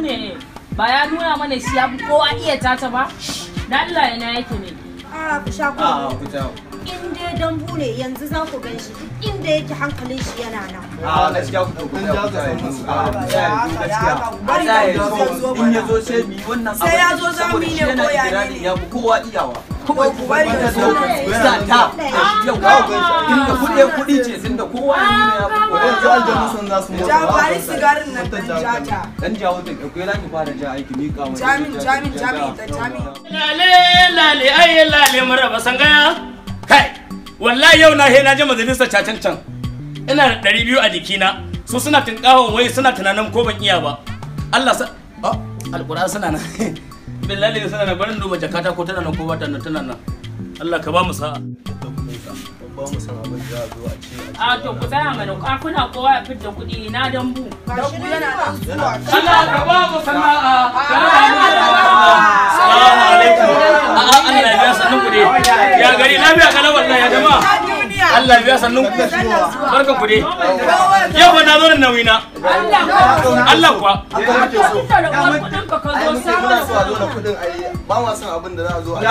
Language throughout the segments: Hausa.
ne ba ya nuna mana shi ya kowa iya tata ba da Allah yana yake ne a ku sha ko in dai dambu ne yanzu za ku gan shi inda yake hankalin shi yana nan a gaskiya ku kun ja ka san musu a gaskiya bari ya zo in ya zo sai mi wannan abin sai ya zo za mu ne ko ya ne ya kowa iyawa kuma ku bari na zo sa ta yau tunda kuɗe kuɗi ce tunda kowa ya nuna ya fi kuɗi yanzu aljanu sun za su mutu ja bari sigarin nan dan ja ta dan ja wata akwai laki fara ja aiki ni kawo jamin jamin jamin ta jamin lale lale ai lale mara ba san gaya. kai wallahi yau na hena je majalisar cacan can ina da ɗari biyu a jikina su suna tunƙahon wai suna tunanin ko ban iya ba Allah sa ah. alƙura suna nan billahi suna nan barin duba jakata ko tana nan ko bata nan tana nan Allah ka ba mu sa'a a zo a a to ku tsaya mana kuna kowa ya fitta kuɗi na dambu dambu yana nan zuwa Allah ka ba mu sana'a ka ba mu sana'a salamu alaikum Allah ya biya sanin kuɗi ya gari lafiya kalawar ya jama'a Allah biya sannun ku barkan ku dai yau ba na zo da nauyi na Allah kuwa ba wa abin da za a zo a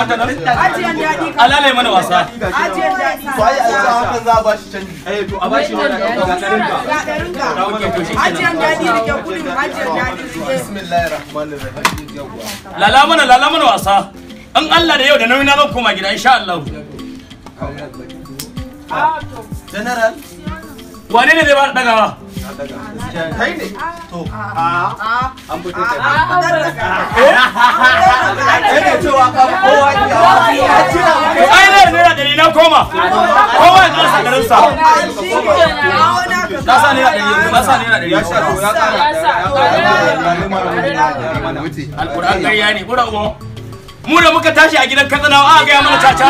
ajiyar alalai mana wasa a da lala mana lala mana wasa An Allah da yau da nauyi na zan koma gida insha Allah general wane ne zai ba daga ba kai ne to a an kai ne cewa ka kowa ya to ai ne da dari na koma kowa ya kasa garin sa na sa ne dari na sa ne dari ya ya ne bura uwa mu da muka tashi a gidan katsinawa a ga mana caca